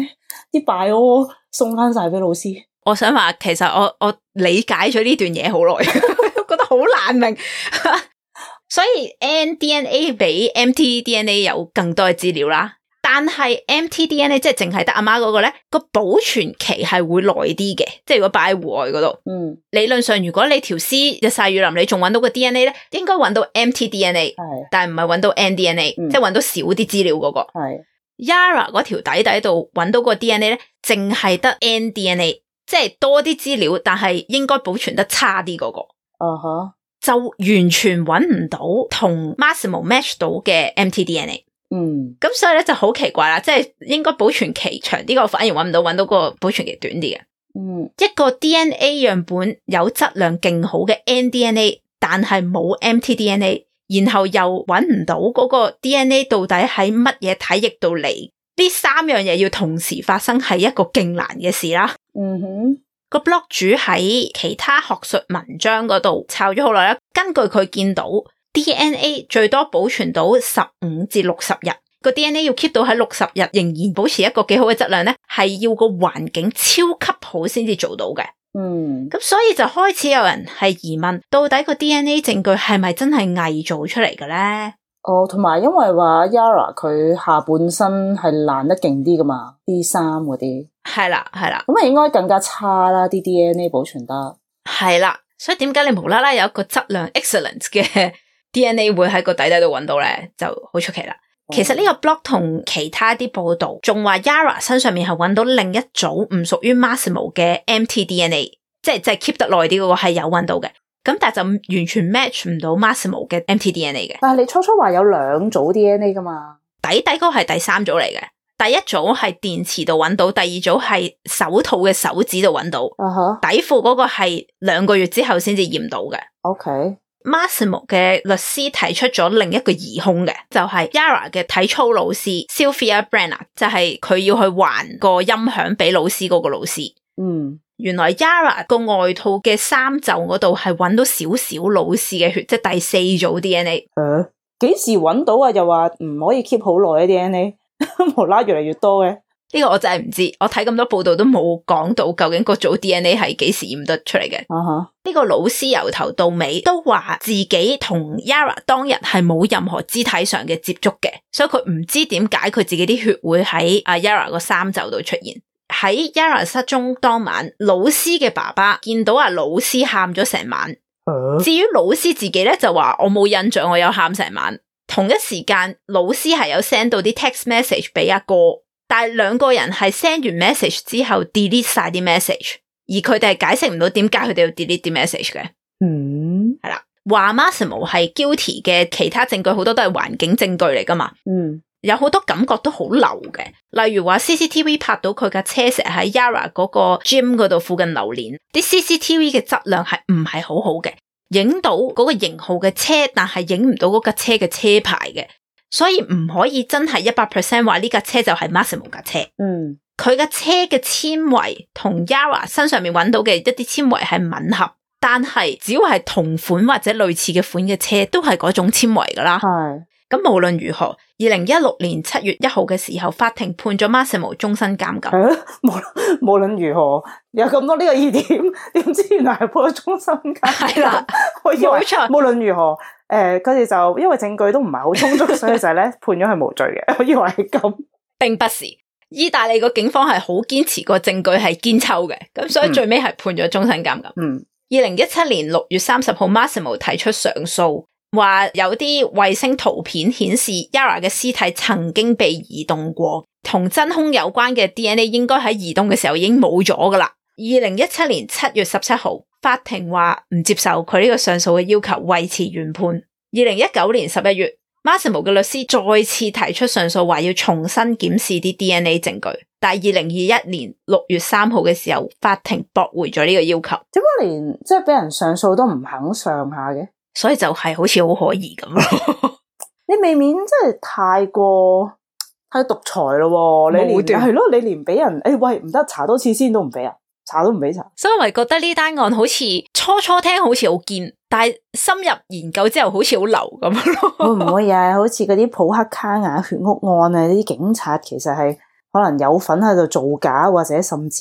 啲 bio 我送翻晒俾老師。我想話，其實我我理解咗呢段嘢好耐， 覺得好難明。 所以 N D N A 比 M T D N A 有更多嘅資料啦。但係 mtDNA 即係淨係得阿媽嗰個咧，個保存期係會耐啲嘅。即係如果擺喺戶外嗰度，嗯，理論上如果你條屍日曬雨淋，你仲搵到個 DNA 咧，應該搵到 mtDNA，係但係唔係搵到 nDNA，、嗯、即係搵到少啲資料嗰、嗰個。係 Yara 嗰條底底度搵到個 DNA 咧，淨係得 nDNA，即係多啲資料，但係應該保存得差啲嗰、嗰個。啊、uh -huh. 就完全搵唔到同 Massimo match 到嘅 mtDNA。嗯，咁所以咧就好奇怪啦，即係應該保存期長啲，個反而揾唔到揾到個保存期短啲嘅。嗯，一個 DNA 樣本有質量勁好嘅 NDNA，但係冇 MTDNA，然後又揾唔到嗰個 DNA 到底喺乜嘢體液度嚟？呢三樣嘢要同時發生係一個勁難嘅事啦。嗯哼，個 blog 主喺其他學術文章嗰度抄咗好耐啦，根據佢見到，DNA 最多保存到十五至六十日，個 DNA 要 keep 到喺六十日，仍然保持一個幾好嘅質量咧，係要個環境超級好先至做到嘅。嗯，咁所以就開始有人係疑問，到底個 DNA 證據係咪真係偽造出嚟嘅咧？哦，同埋因為話 Yara 佢下半身係爛得勁啲噶嘛，B3 嗰啲係啦係啦，咁啊應該更加差啦啲 DNA 保存得係啦，所以點解你無啦啦有一個質量 excellent 嘅？DNA 會喺個底底度揾到咧，就好出奇啦。其實呢個 blog 同其他啲報道仲話 Yara 身上面係揾到另一組唔屬於 Massimo 嘅 MTDNA，即係即係 keep 得耐啲嗰個係有揾到嘅。咁但係就完全 match 唔到 Massimo 嘅 MTDNA 嘅。但係你初初話有兩組 DNA 噶嘛？底底嗰個係第三組嚟嘅，第一組係電池度揾到，第二組係手套嘅手指度揾到。底褲嗰個係兩個月之後先至驗到嘅。OK。Massimo 嘅律師提出咗另一個疑兇嘅，就係、是、Yara 嘅體操老師 Sophia Brana，就係佢要去還個音響俾老師嗰個老師。嗯，原來 Yara 個外套嘅衫袖嗰度係搵到少少老師嘅血，即、就、係、是、第四組 DNA。啊，幾時搵到啊？又話唔可以 keep 好耐嘅 DNA，無啦，越嚟越多嘅、啊。呢、個我真係唔知，我睇咁多報道都冇講到究竟個組 DNA 係幾時驗得出嚟嘅。呢、uh -huh. 個老師由頭到尾都話自己同 Yara 當日係冇任何肢體上嘅接觸嘅，所以佢唔知點解佢自己啲血會喺阿 Yara 個衫袖度，出現。喺 Yara 失蹤當晚，老師嘅爸爸見到啊老師喊咗成晚。Uh -huh. 至於老師自己咧就話我冇印象，我有喊成晚。同一時間，老師係有 send 到啲 text message 俾阿哥，哥。但係兩個人係 send 完 message 之後 delete 晒啲 message，而佢哋係解釋唔到點解佢哋要 delete 啲 message 嘅。嗯、mm.，係啦，話 Massimo 係 guilty 嘅，其他證據好多都係環境證據嚟噶嘛。嗯、mm.，有好多感覺都好流嘅，例如話 CCTV 拍到佢架車成日喺 Yara 嗰個 gym 嗰度附近流連，啲 CCTV 嘅質量係唔係好好嘅，影到嗰個型號嘅車，但係影唔到嗰架車嘅車牌嘅。所以唔可以真係一百 percent 話呢架車就係 Massimo 架車，嗯，佢嘅車嘅纖維同 Yara 身上面揾到嘅一啲纖維係吻合，但係只要係同款或者類似嘅款嘅車都是那的，都係嗰種纖維㗎啦。咁無論如何，二零一六年七月一號嘅時候，法庭判咗 Massimo 終身監禁。無論無論如何，有咁多呢個疑點，點知原來係判咗終身監禁？係啦，我以為無論如何，誒、呃，佢哋就因為證據都唔係好充足，所以就咧判咗係無罪嘅。 我以為係咁，並不是。意大利個警方係好堅持個證據係堅抽嘅，咁所以最尾係判咗終身監禁。嗯，二零一七年六月三十號，Massimo 提出上訴。話有啲衛星圖片顯示，Yara 嘅屍體曾經被移動過，同真空有關嘅 DNA 應該喺移動嘅時候已經冇咗噶啦。二零一七年七月十七號，法庭話唔接受佢呢個上訴嘅要求，維持原判。二零一九年十一月，Massimo 嘅律師再次提出上訴，話要重新檢視啲 DNA 證據。但二零二一年六月三號嘅時候，法庭駁回咗呢個要求。點解連即係俾人上訴都唔肯上下嘅？所以就係好似好可疑咁咯，你未免真係太過太獨裁咯，你連係咯，你連俾人誒喂唔得查多次先都唔俾啊，查都唔俾查。所以我咪覺得呢單案好似初初聽好似好堅，但係深入研究之後好似、啊、 好流咁咯會唔會呀？好似嗰啲普克卡瓦血屋案啊？啲警察其實係可能有份喺度造假，或者甚至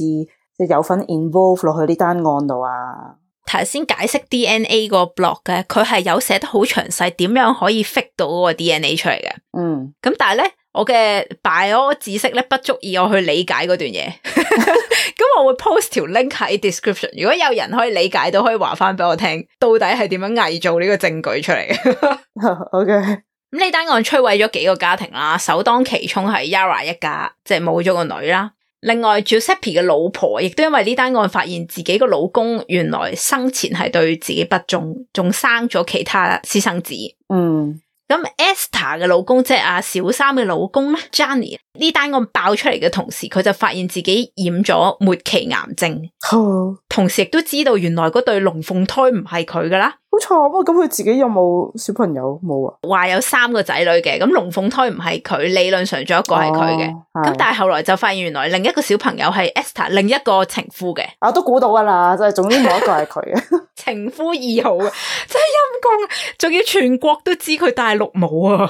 即係有份 involve 落去呢單案度啊？頭先解釋 DNA 個 blog 嘅，佢係有寫得好詳細，點樣可以 fit 到個 DNA 出嚟嘅。嗯，咁但係咧，我嘅 bio 知識咧不足以我去理解嗰段嘢。咁 我會 post 條 link 喺 description。如果有人可以理解到，可以話翻俾我聽，到底係點樣偽造呢個證據出嚟嘅。OK，咁呢單案摧毀咗幾個家庭啦，首當其衝係 Yara 一家，即係冇咗個女啦。另外，Giuseppe 嘅老婆亦都因為呢單案發現自己個老公原來生前係對自己不忠，仲生咗其他私生子。嗯，咁 Esther 嘅老公即係阿小三嘅老公咧，Johnny 呢單案爆出嚟嘅同時，佢就發現自己染咗末期癌症。呵呵同時亦都知道原來嗰對龍鳳胎唔係佢噶啦，冇錯，啊！咁佢自己有冇小朋友？冇啊，話有三個仔女嘅，咁龍鳳胎唔係佢，理論上仲有一個係佢嘅，咁、哦、但係後來就發現原來另一個小朋友係 Esther，另一個情夫嘅，我、啊、都估到噶啦，就係總之冇一個係佢嘅情夫二號嘅，真係陰公，仲 要全國都知佢戴綠帽啊，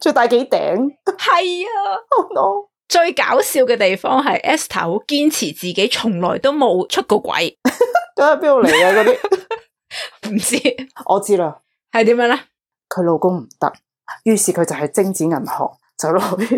再 戴幾頂，係啊好 h、oh no. 最搞笑嘅地方係 Esther 堅持自己從來都冇出過軌，咁喺邊度嚟啊？嗰啲唔知，我知啦。係點樣咧？佢老公唔得，於是佢就係精子銀行就攞啲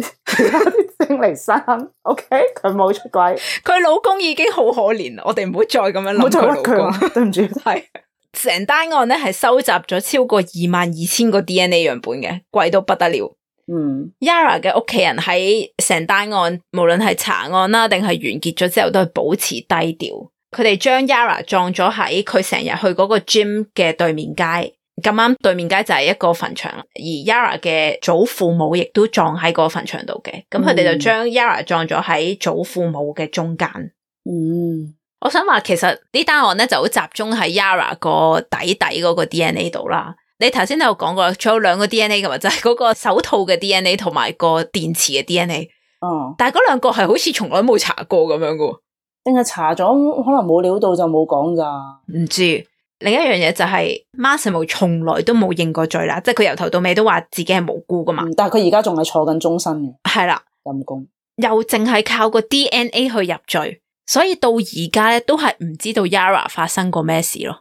精嚟生。O K，佢冇出軌，佢老公已經好可憐。我哋唔好再咁樣諗佢老公。對唔住，係成單案咧，係收集咗超過二萬二千個 D N A 樣本嘅，貴到不得了。嗯，Yara 嘅屋企人喺成單案，無論係查案啦，定係完結咗之後，都係保持低調。佢哋將 Yara 葬咗喺佢成日去嗰個 gym 嘅對面街，咁啱對面街就係一個墳場。而 Yara 嘅祖父母亦都葬喺嗰個墳場度嘅，咁佢哋就將 Yara 葬咗喺祖父母嘅中間。嗯，我想話其實這呢單案咧就好集中喺 Yara 個底底嗰個 DNA 度啦。你頭先都有講過，仲有兩個 DNA 噶嘛，就係、是、嗰個手套嘅 DNA 同埋個電池嘅 DNA、嗯。哦，但係嗰兩個係好似從、就是、從來都冇查過咁樣噶，定係查咗可能冇料到就冇講咋？唔知另一樣嘢就係 Massimo 從來都冇認過罪啦，即係佢由頭到尾都話自己係無辜噶嘛。嗯、但係佢而家仲係坐緊終身嘅，係啦，陰功又淨係靠個 DNA 去入罪，所以到而家咧都係唔知道 Yara 發生過咩事咯。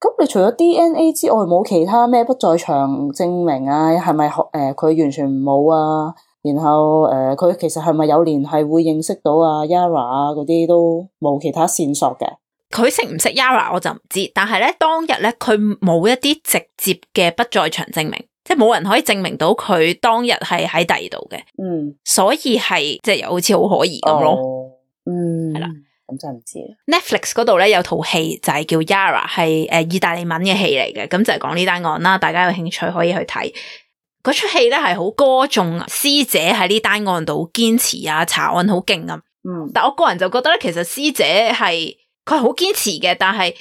咁你除咗 DNA 之外，冇其他咩不在場證明啊？係咪學誒，佢、呃、完全冇啊？然後誒，佢、呃、其實係咪有聯繫會認識到啊 Yara 啊嗰啲都冇其他線索嘅。佢識唔識 Yara 我就唔知，但係咧當日咧佢冇一啲直接嘅不在場證明，即係冇人可以證明到佢當日係喺第二度嘅。嗯，所以係即係又好似好可疑咁咯，哦。嗯，係啦。咁真唔知 Netflix 嗰度咧，有套戲就係叫 Yara，係誒意大利文嘅戲嚟嘅，咁就係講呢單案啦。大家有興趣可以去睇。嗰出戲咧，係好歌頌啊師姐喺呢單案度堅持啊查案好勁啊。嗯，但我個人就覺得咧，其實師姐係佢係好堅持嘅，但係誒、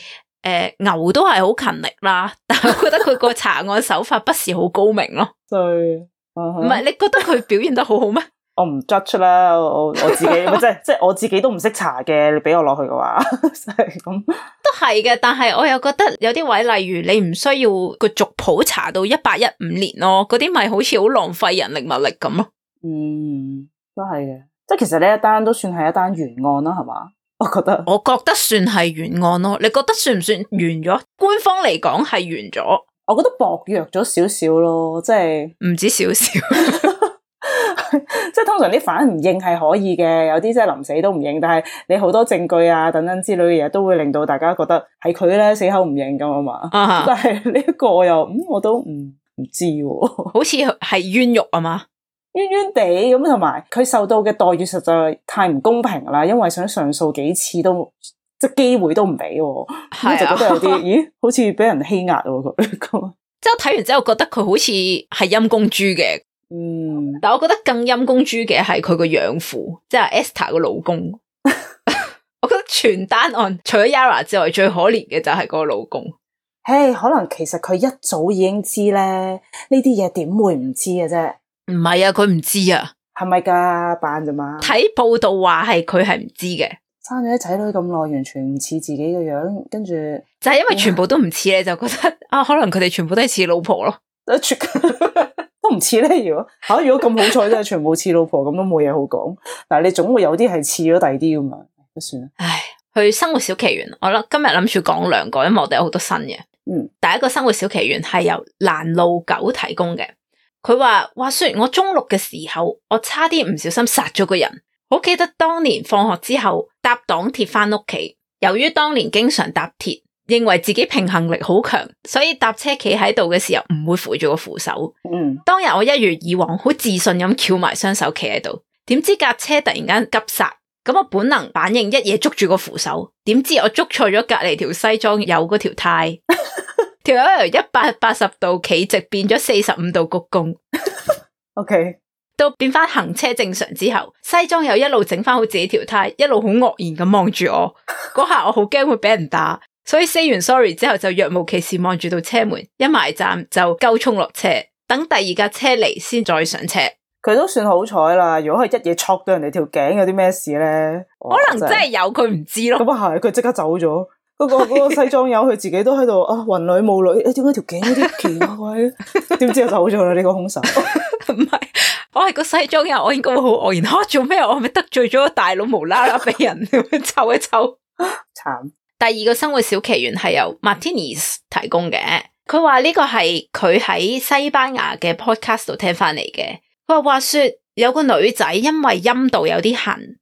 呃、牛都係好勤力啦。但係我覺得佢個查案手法不是好高明咯。對， 唔係你覺得佢表現得好好咩？我唔 judge 出啦，我我自己， 即係即係我自己都唔識查嘅。你俾我落去嘅話，咁 都係嘅。但係我又覺得有啲位，例如你唔需要個族譜查到一八一五年咯，嗰啲咪好似好浪費人力物力咁咯。嗯，都係嘅。即係其實呢一單都算係一單懸案啦，係嘛？我覺得，我覺得算係原案咯。你覺得算唔算完咗？官方嚟講係完咗，我覺得薄弱咗少少咯。即係唔止少少。 即係通常啲反唔認係可以嘅，有啲即係臨死都唔認。但係你好多證據啊等等之類嘅嘢，都會令到大家覺得係佢咧死口唔認咁啊嘛。Uh -huh. 但係呢一個又嗯，我都唔唔知、啊。好似係冤獄啊嘛，冤冤地咁，同埋佢受到嘅待遇實在太唔公平啦。因為想上訴幾次都即係機會都唔俾、啊，就、 啊、覺得有啲咦，好似俾人欺壓、啊。即係睇完之後覺得佢好似係陰公豬嘅。嗯，但我覺得更陰公豬嘅係佢個養父，即係 Esther 個老公。 我覺得全單案除咗 Yara 之外，最可憐嘅就係個老公。誒、hey，可能其實佢一早已經知咧，這些東西怎知道呢啲嘢，點會唔知嘅啫？唔係啊，佢唔知啊，係咪噶扮咋嘛？睇報道話係佢係唔知嘅，生咗仔女咁耐，完全唔似自己嘅樣，跟住就係、是、因為全部都唔似咧，就覺得啊，可能佢哋全部都係似老婆咯。 都唔似咧，如果吓、啊、如果咁好彩真係全部似老婆咁，都冇嘢好講。但係你總會有啲係似咗第二啲噶嘛？都算啦。唉，去生活小奇緣，我諗今日諗住講兩個，因為我哋有好多新嘅。嗯，第一個生活小奇緣係由蘭路狗提供嘅。佢話：話雖然我中六嘅時候，我差啲唔小心殺咗個人。好記得當年放學之後搭港鐵翻屋企，由於當年經常搭鐵。認為自己平衡力好強，所以搭車企喺度嘅時候唔會扶住個扶手。嗯，當日我一如以往好自信咁翹埋雙手企喺度，點知架車突然間急剎，咁我本能反應一嘢捉住個扶手，點知我捉錯咗隔籬條西裝有嗰條呔， 條友由一百八十度企直變咗四十五度鞠躬。 o、okay. K，到變翻行車正常之後，西裝又一路整翻好自己條呔，一路好愕然咁望住我。嗰下我好驚會俾人打。所以 say 完 sorry 之後就若無其事望住到車門，一埋站就夠衝落車，等第二架車嚟先再上車。佢都算好彩啦！如果係一嘢戳到人哋條頸，有啲咩事咧？可能真係有佢唔、哦、知咯。咁啊係，佢即刻走咗。嗰個嗰個西裝友，佢自己都喺度啊，雲女霧女，點解條頸有啲奇怪？點 知啊，走咗啦！呢個凶手唔係， 我係個西裝友，我應該會好愕然。我做咩？我係咪得罪咗個大佬，無啦啦俾人湊 一湊，慘。第二個生活小奇緣係由 Martinez 提供嘅，佢話呢個係佢喺西班牙嘅 podcast 度聽翻嚟嘅。佢話話說有個女仔因為陰道有啲痕，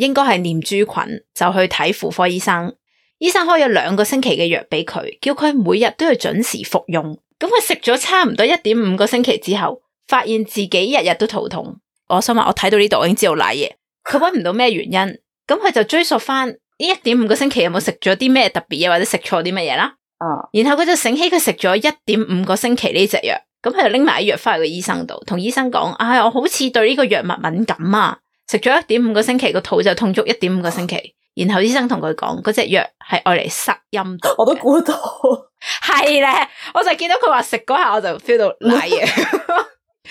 應該係念珠菌，就去睇婦科醫生。醫生開咗兩個星期嘅藥俾佢，叫佢每日都要準時服用。咁佢食咗差唔多一點五個星期之後，發現自己日日都肚痛。我想話我睇到呢度，已經知道瀨嘢。佢揾唔到咩原因，咁佢就追溯翻。呢一點五個星期有冇食咗啲咩特別嘢，或者食錯啲乜嘢啦？啊、嗯，然後佢就醒起佢食咗一點五個星期呢隻藥，咁佢就拎埋啲藥翻去個醫生度，同醫生講：唉、哎，我好似對呢個藥物敏感啊！食咗一點五個星期個肚就痛足一點五個星期。然後醫生同佢講：嗰隻藥係愛嚟塞陰道。我都估到，係咧。我就見到佢話食嗰下，我就 feel 到瀨嘢。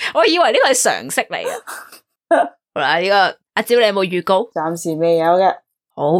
我以為呢個係常識嚟嘅。嗱， 呢、這個阿招你有冇預告？暫時未有嘅。好。